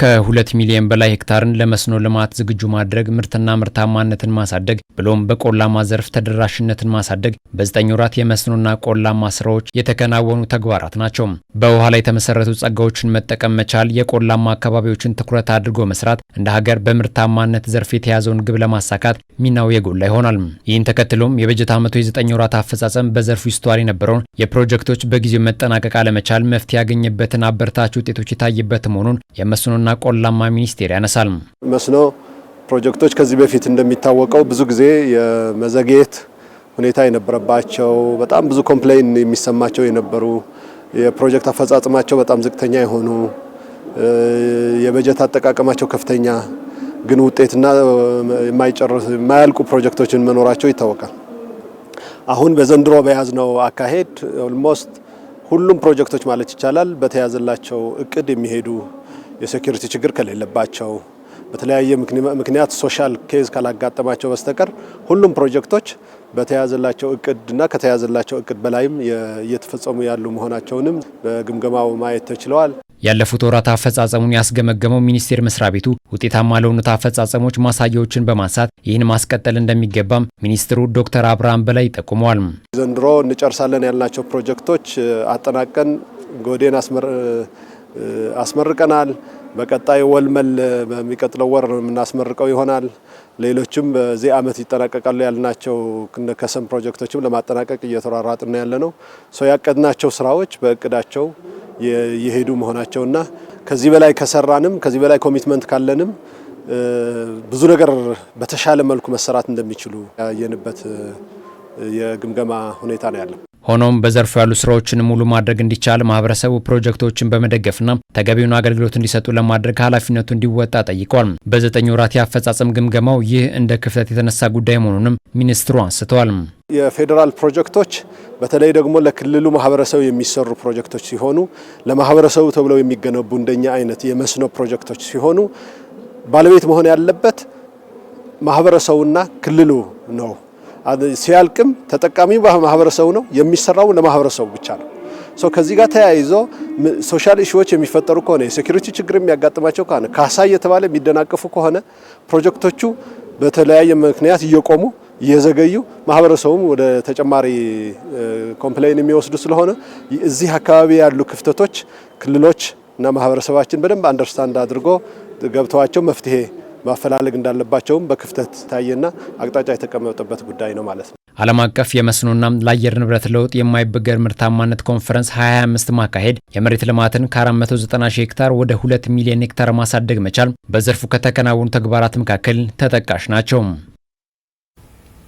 ከሁለት ሚሊዮን በላይ ሄክታርን ለመስኖ ልማት ዝግጁ ማድረግ ምርትና ምርታማነትን ማሳደግ ብሎም በቆላማ ዘርፍ ተደራሽነትን ማሳደግ በዘጠኝ ወራት የመስኖና ቆላማ ስራዎች የተከናወኑ ተግባራት ናቸው። በውሃ ላይ የተመሰረቱ ጸጋዎችን መጠቀም መቻል፣ የቆላማ አካባቢዎችን ትኩረት አድርጎ መስራት እንደ ሀገር በምርታማነት ዘርፍ የተያዘውን ግብ ለማሳካት ሚናው የጎላ ይሆናል። ይህን ተከትሎም የበጀት ዓመቱ የዘጠኝ ወራት አፈጻጸም በዘርፉ ይስተዋል የነበረውን የፕሮጀክቶች በጊዜው መጠናቀቅ አለመቻል መፍትሄ ያገኘበትን አበርታች ውጤቶች የታየበት መሆኑን የመስኖና ቆላማ ሚኒስቴር ያነሳል። መስኖ ፕሮጀክቶች ከዚህ በፊት እንደሚታወቀው ብዙ ጊዜ የመዘግየት ሁኔታ የነበረባቸው በጣም ብዙ ኮምፕሌን የሚሰማቸው የነበሩ የፕሮጀክት አፈጻጽማቸው በጣም ዝቅተኛ የሆኑ የበጀት አጠቃቀማቸው ከፍተኛ ግን ውጤትና የማይጨርስ የማያልቁ ፕሮጀክቶችን መኖራቸው ይታወቃል። አሁን በዘንድሮ በያዝነው አካሄድ ኦልሞስት ሁሉም ፕሮጀክቶች ማለት ይቻላል በተያዘላቸው እቅድ የሚሄዱ የሴኩሪቲ ችግር ከሌለባቸው በተለያየ ምክንያት ሶሻል ኬዝ ካላጋጠማቸው በስተቀር ሁሉም ፕሮጀክቶች በተያዘላቸው እቅድና ከተያዘላቸው እቅድ በላይም እየተፈጸሙ ያሉ መሆናቸውንም በግምገማው ማየት ተችለዋል። ያለፉት ወራት አፈጻጸሙን ያስገመገመው ሚኒስቴር መስሪያ ቤቱ ውጤታማ ለሆኑት አፈጻጸሞች ማሳያዎችን በማንሳት ይህን ማስቀጠል እንደሚገባም ሚኒስትሩ ዶክተር አብርሃም በላይ ጠቁመዋል። ዘንድሮ እንጨርሳለን ያልናቸው ፕሮጀክቶች አጠናቀን ጎዴን አስመርቀናል። በቀጣይ ወልመል በሚቀጥለው ወር የምናስመርቀው ይሆናል። ሌሎችም በዚህ አመት ይጠናቀቃሉ ያልናቸው ከሰም ፕሮጀክቶችም ለማጠናቀቅ እየተሯሯጥን ያለ ነው። ሰው ያቀድናቸው ስራዎች በእቅዳቸው የሄዱ መሆናቸውና ከዚህ በላይ ከሰራንም ከዚህ በላይ ኮሚትመንት ካለንም ብዙ ነገር በተሻለ መልኩ መሰራት እንደሚችሉ ያየንበት የግምገማ ሁኔታ ነው ያለው። ሆኖም በዘርፉ ያሉ ስራዎችን ሙሉ ማድረግ እንዲቻል ማህበረሰቡ ፕሮጀክቶችን በመደገፍና ተገቢውን አገልግሎት እንዲሰጡ ለማድረግ ኃላፊነቱ እንዲወጣ ጠይቋል። በዘጠኝ ወራት የአፈጻጸም ግምገማው ይህ እንደ ክፍተት የተነሳ ጉዳይ መሆኑንም ሚኒስትሩ አንስተዋል። የፌዴራል ፕሮጀክቶች በተለይ ደግሞ ለክልሉ ማህበረሰብ የሚሰሩ ፕሮጀክቶች ሲሆኑ ለማህበረሰቡ ተብለው የሚገነቡ እንደኛ አይነት የመስኖ ፕሮጀክቶች ሲሆኑ ባለቤት መሆን ያለበት ማህበረሰቡና ክልሉ ነው። ሲያልቅም ተጠቃሚ ማህበረሰቡ ነው፣ የሚሰራው ለማህበረሰቡ ብቻ ነው። ከዚህ ጋር ተያይዞ ሶሻል ኢሹዎች የሚፈጠሩ ከሆነ የሴኩሪቲ ችግር የሚያጋጥማቸው ከሆነ ካሳ እየተባለ የሚደናቀፉ ከሆነ ፕሮጀክቶቹ በተለያየ ምክንያት እየቆሙ እየዘገዩ ማህበረሰቡም ወደ ተጨማሪ ኮምፕሌን የሚወስዱ ስለሆነ እዚህ አካባቢ ያሉ ክፍተቶች ክልሎች እና ማህበረሰባችን በደንብ አንደርስታንድ አድርጎ ገብተዋቸው መፍትሄ ማፈላለግ እንዳለባቸውም በክፍተት ታየና አቅጣጫ የተቀመጠበት ጉዳይ ነው ማለት ነው። ዓለም አቀፍ የመስኖና ለአየር ንብረት ለውጥ የማይበገር ምርታማነት ኮንፈረንስ 2025 ማካሄድ የመሬት ልማትን ከ490 ሺህ ሄክታር ወደ 2 ሚሊዮን ሄክታር ማሳደግ መቻል በዘርፉ ከተከናወኑ ተግባራት መካከል ተጠቃሽ ናቸው።